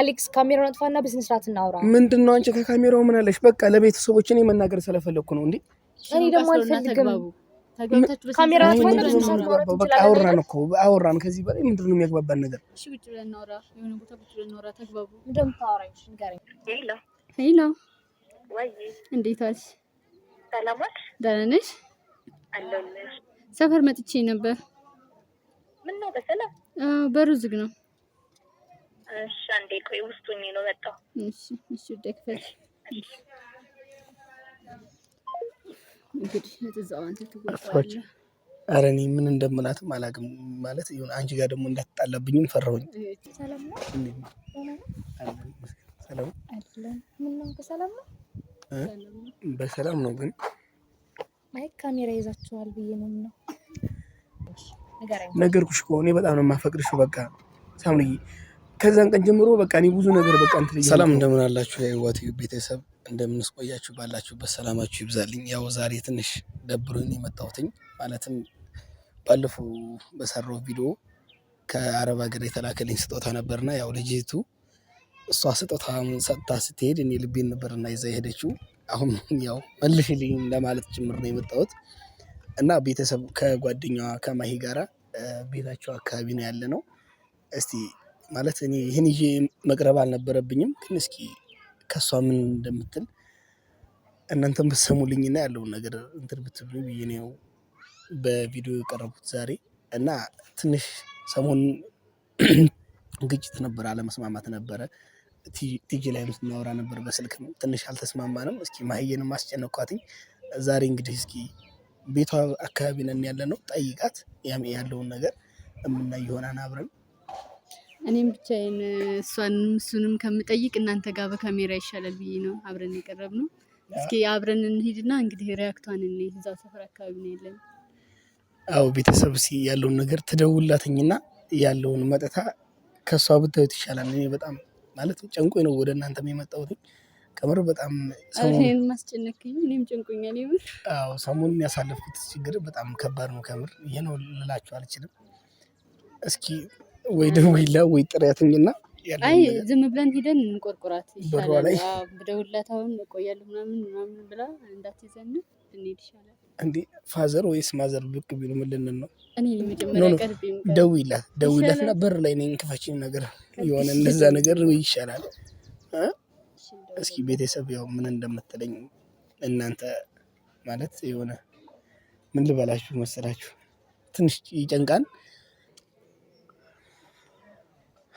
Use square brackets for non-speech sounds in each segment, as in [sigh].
አሌክስ ካሜራውን አጥፋና በስነስርዓት እናውራ። ምንድን ነው አንቺ ከካሜራው ምን አለሽ? በቃ ለቤተሰቦች እኔ መናገር ስለፈለግኩ ነው። እንዴ እኔ ደግሞ አልፈልግም። አወራን እኮ አወራን። ከዚህ በላይ ምንድን ነው የሚያግባባን ነገር? ሄሎ እንዴት ዋልሽ? ደህና ነሽ? ሰፈር መጥቼ ነበር። በሩ ዝግ ነው እሺ፣ አንዴ ቆይ፣ ውስጡ ነው መጣው። እሺ፣ እሺ፣ ደክፈት እንግዲህ እዛው አንተ አረ እኔ ምን እንደምላትም አላውቅም። ማለት ይሁን አንቺ ጋር ደግሞ እንዳትጣላብኝም ፈራሁኝ። በሰላም ነው። ግን አይ ካሜራ ይዛችኋል ብዬ ነው ነው ነገርኩሽ። ከሆነ በጣም ነው የማፈቅርሽ። በቃ ሳምሪ ከዛን ቀን ጀምሮ በቃ እኔ ብዙ ነገር በቃ ሰላም እንደምን አላችሁ የህይወት ቤተሰብ እንደምንስቆያችሁ ባላችሁበት ሰላማችሁ ይብዛልኝ። ያው ዛሬ ትንሽ ደብሮኝ የመጣሁትኝ ማለትም ባለፈው በሰራው ቪዲዮ ከአረብ ሀገር የተላከልኝ ስጦታ ነበርና ያው ልጅቱ እሷ ስጦታ ሰጥታ ስትሄድ እኔ ልቤን ነበርና ይዛ የሄደችው አሁን ያው መልሽልኝ ለማለት ጭምር ነው የመጣሁት እና ቤተሰብ ከጓደኛዋ ከማሂ ጋራ ቤታቸው አካባቢ ነው ያለ ነው። እስቲ ማለት እኔ ይህን ይዤ መቅረብ አልነበረብኝም፣ ግን እስኪ ከእሷ ምን እንደምትል እናንተም ብትሰሙልኝና ያለውን ነገር እንትን ብትብሉ ብዬ ነው በቪዲዮ የቀረቡት ዛሬ እና ትንሽ ሰሞኑን [clears throat] ግጭት ነበር፣ አለመስማማት ነበረ። ቲጂ ላይ ምትናወራ ነበር በስልክም ትንሽ አልተስማማንም። እስኪ ማህየንም አስጨነኳትኝ። ዛሬ እንግዲህ እስኪ ቤቷ አካባቢ ነን ያለ ነው ጠይቃት ያለውን ነገር የምናይ ይሆናል አብረን እኔም ብቻዬን እሷንም እሱንም ከምጠይቅ እናንተ ጋር በካሜራ ይሻላል ብዬ ነው አብረን የቀረብ ነው። እስኪ አብረን እንሂድና እንግዲህ ሪያክቷን እኔ እዛ ሰፈር አካባቢ ነው የለን። አዎ ቤተሰብ ሲ ያለውን ነገር ትደውላትኝና ያለውን መጠታ ከእሷ ብታዩት ይሻላል። እኔ በጣም ማለት ጨንቆኝ ነው ወደ እናንተ የመጣሁት። ከምር በጣም ሰሞኑን ማስጨነቅኝ እኔም ጨንቆኛል። ይሁን አዎ ሰሞኑን ያሳለፍኩት ችግር በጣም ከባድ ነው። ከምር ይሄ ነው ልላችሁ አልችልም። እስኪ ወይ ደውላ ወይ ጥሪያትኝና አይ ዝም ብለን ሂደን እንቆርቁራት ይሻላል። ደውላት አሁን እቆያለሁ ምናምን ምናምን ብላ እንዳትይዘን እንሄድ ይሻላል። እንዴ ፋዘር ወይስ ማዘር ብቅ ቢሉ ምን ነው? እኔ መጀመሪያ ቀልብ ደውላት በር ላይ ነኝ ክፈችኝ ነገር የሆነ እንደዛ ነገር ወይ ይሻላል። እስኪ ቤተሰብ ያው ምን እንደምትለኝ እናንተ ማለት የሆነ ምን ልበላችሁ መሰላችሁ ትንሽ ይጨንቃል።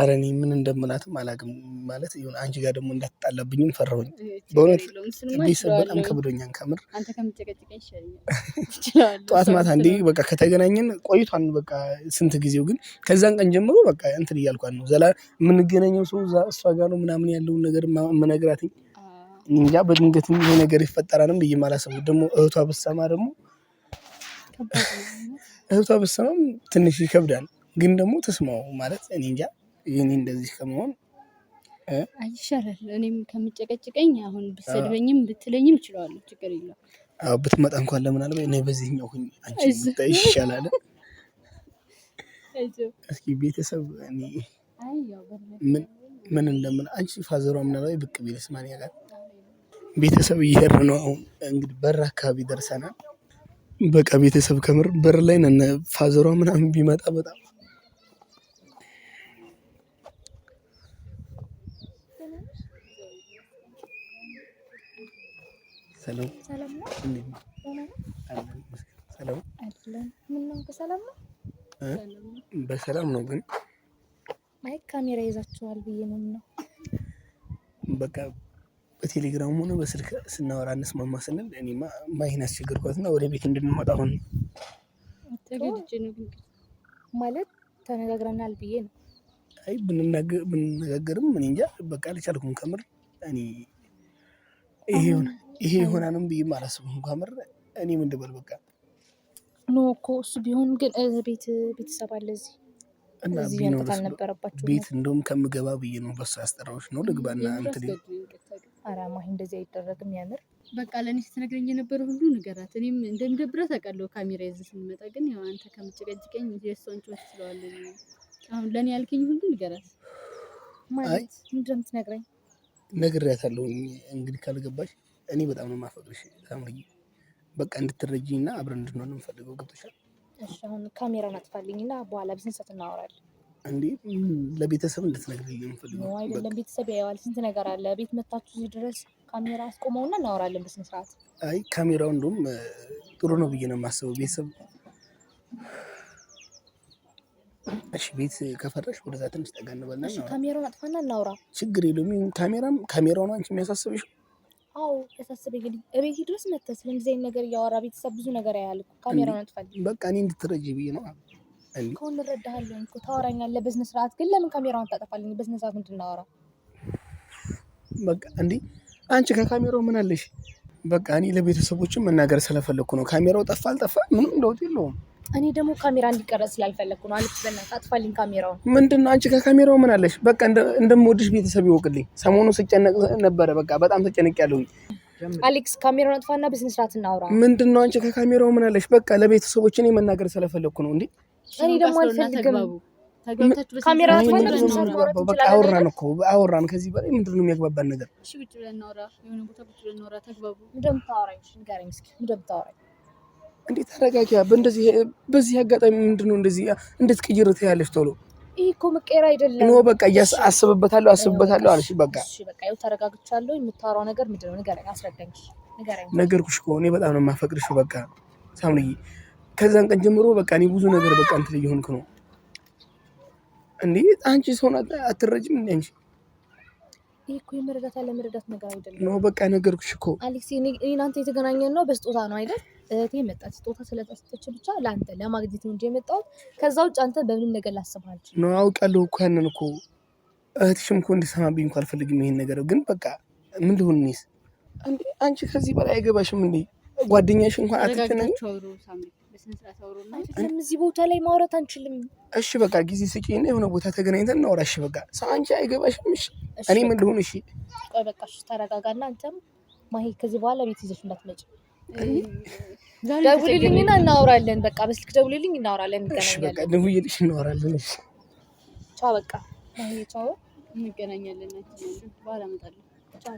አረ እኔ ምን እንደምላትም አላውቅም። ማለት ይሁን አንቺ ጋር ደግሞ እንዳትጣላብኝም ፈራሁኝ። በእውነት ቤተሰብ በጣም ከብዶኛን ከምር [laughs] ጠዋት ማታ እንዲ በቃ ከተገናኘን ቆይቷን በቃ ስንት ጊዜው ግን ከዛን ቀን ጀምሮ በቃ እንትን እያልኳን ነው ዘላ የምንገናኘው ሰው እሷ ጋር ነው ምናምን ያለውን ነገር መነግራትኝ እንጃ በድንገት ይሄ ነገር ይፈጠራንም ብዬ ማላሰቡ ደግሞ እህቷ ብሰማ ደግሞ እህቷ ብሰማም ትንሽ ይከብዳል። ግን ደግሞ ተስማው ማለት እኔ እንጃ ይህን እንደዚህ ከመሆን ይሻላል። እኔም ከምጨቀጭቀኝ አሁን ብትሰድበኝም ብትለኝም እችለዋለሁ፣ ችግር የለውም። አዎ ብትመጣ እንኳን ለምን አለ እኔ በዚህኛው ሁኝ አንቺ ይሻላል። እስኪ ቤተሰብ ምን እንደምን አንቺ ፋዘሯ ምናልባት ብቅ ቢልስ ማን ያውቃል? ቤተሰብ እየሄድ ነው አሁን እንግዲህ በር አካባቢ ደርሰናል። በቃ ቤተሰብ ከምር በር ላይ ነን። ፋዘሯ ምናምን ቢመጣ በጣም ሰላም ነው። በሰላም ነው። ግን ማይክ ካሜራ ይዛችኋል ብዬ ነው ነው በቃ በቴሌግራም ሆነ በስልክ ስናወራ እንስማማ ስንል እኔማ ማይን አስቸገርኳትና ወደ ቤት እንድንመጣ አሁን ማለት ተነጋግረናል ብዬ ነው። አይ ብንነጋገርም ምን እንጃ በቃ አልቻልኩም። ከምር እኔ ይሄ ሆነ ይሄ የሆናንም ብዬ አላስብም። ከምር እኔ ምን ልበል በቃ ኖ እኮ እሱ ቢሆን ግን ቤት ቤተሰብ አለ እዚህ እና ቤት እንደውም ከምገባ ብዬ ነው በሱ ያስጠራዎች ነው ልግባና እንትን አራማ እንደዚህ አይደረግም። ያምር በቃ ለእኔ ስትነግረኝ የነበረ ሁሉ ንገራት። እኔም እንደሚደብረት አውቃለሁ። ካሜራ ይዘ ስንመጣ ግን ያው አንተ ከምጭቀጭቀኝ የእሷን ጭወት ስለዋለ አሁን ለእኔ ያልከኝ ሁሉ ንገራት። ማለት እንደምትነግረኝ ነግሬያታለሁ። እንግዲህ ካልገባሽ እኔ በጣም ነው የማፈቅርሽ ሳምሪ፣ በቃ እንድትረጂኝ እና አብረን እንድንሆን የምፈልገው ገብቶሻል? እሺ፣ አሁን ካሜራውን አጥፋልኝ እና በኋላ በስንት ሰዓት እናወራለን። እንዴ ለቤተሰብ እንድትነግሪኝ ነው የምፈልገው። አይደለም ቤተሰብ ያየዋል፣ ስንት ነገር አለ። ቤት መታችሁ እዚህ ድረስ ካሜራ አስቆመው አስቆመውና እናወራለን በስንት ስርዓት። አይ ካሜራው እንደውም ጥሩ ነው ብዬ ነው የማስበው። ቤተሰብ እሺ ቤት ከፈረሽ ወደዛ ትንሽ ጠጋ እንበልና ካሜራውን አጥፋና እናውራ። ችግር የለውም። ካሜራም ካሜራውን አንቺ የሚያሳስብሽ አዎ ያሳስበኝ። እንግዲህ እቤት ድረስ መጥተህ ስለዚህ ነገር እያወራ ቤተሰብ ብዙ ነገር ያያል። ካሜራውን አጥፋልኝ። በቃ እኔ እንድትረጂ ብዬ ነው። ከሁን እንረዳሃለን እኮ ታወራኛለህ በስነ ስርዓት። ግን ለምን ካሜራውን ታጠፋልኝ? በስነ ስርዓት እንድናወራ በቃ እንዴ። አንቺ ከካሜራው ምን አለሽ? በቃ እኔ ለቤተሰቦችም መናገር ስለፈለኩ ነው። ካሜራው ጠፋ አልጠፋ ምንም ለውጥ የለውም። እኔ ደግሞ ካሜራ እንዲቀረጽ ስላልፈለግኩ ነው። አለች በእናትህ አጥፋልኝ ካሜራውን። ምንድን ነው አንቺ ከካሜራው ምን አለሽ? በቃ እንደምወድሽ ቤተሰብ ይወቅልኝ። ሰሞኑ ስጨነቅ ነበረ። በቃ በጣም ተጨንቄያለሁ። አሌክስ ካሜራውን አጥፋና በስነ ስርዓት እናውራ። ምንድን ነው አንቺ ከካሜራው ምን አለሽ? በቃ ለቤተሰቦች እኔ መናገር ስለፈለግኩ ነው። እንዴ እኔ ደግሞ አልፈልግም። ካሜራ አጥፋና በስነ ስርዓት ማውራት እንችላለን። በቃ አወራን እኮ አወራን። ከዚህ በላይ ምንድን ነው የሚያግባባን ነገር? እሺ ብቻ እናውራ። የሆነ ቦታ ብቻ እናውራ። ተግባቡ። እንደምታወራኝ ንገረኝ እስኪ እንደምታወራኝ እንዴት ተረጋጊያ። በእንደዚህ በዚህ አጋጣሚ ምንድነው እንደዚህ እንዴት ቅይር ትያለሽ? ቶሎ ይሄ እኮ መቀየር አይደለም። ኖ በቃ አስብበታለሁ አስብበታለሁ አለሽ። በቃ እሺ፣ በቃ ይኸው ተረጋግቻለሁ። የምታወራው ነገር ምንድነው? ንገረኝ፣ አስረዳኝ። ነገርኩሽ እኮ እኔ በጣም ነው የማፈቅርሽ። በቃ ሳምንዬ፣ ከዛን ቀን ጀምሮ በቃ እኔ ብዙ ነገር በቃ እንትን እየሆንክ ነው እንዴ። አንቺ ሰውን አትረጅም እንዴ አንቺ ይሄ እኮ የመረዳት ያለመረዳት ነገር አይደለም። ነው በቃ ነገርኩሽ እኮ አሌክስ፣ እኔና የተገናኘን ነው በስጦታ ነው አይደል? እህቴ መጣች ስጦታ ስለጠሰጠች ብቻ ለአንተ ለማግኘት እንጂ የመጣሁት ከዛ ውጭ አንተ በምንም ነገር ላስብሃል ነው። አውቃለሁ እኮ ያንን እኮ እህትሽም እኮ እንድሰማብኝ እንኳ አልፈልግም። ይሄን ነገር ግን በቃ ምን ልሁን እኔስ? አንቺ ከዚህ በላይ አይገባሽም እንዴ ጓደኛሽ እንኳን አትተናኝ እዚህ ቦታ ላይ ማውራት አንችልም። እሺ በቃ ጊዜ ስጪኝ እና የሆነ ቦታ ተገናኝተን እናውራ። እሺ በቃ አንቺ አይገባሽም። እሺ እኔም እንደሆነ እሺ፣ ቆይ በቃ እሺ፣ ተረጋጋ እና አንተም ማሂ ከዚህ በኋላ ቤት ይዘሽ እንዳትመጪ። ደውልልኝና እናወራለን። በቃ በስልክ ደውልልኝ፣ እናወራለን፣ እንገናኛለን። ደውዬልሽ እናወራለን። እሺ ቻው፣ በቃ ማሂ ቻው፣ እንገናኛለን። በኋላ እመጣለሁ። ቻው።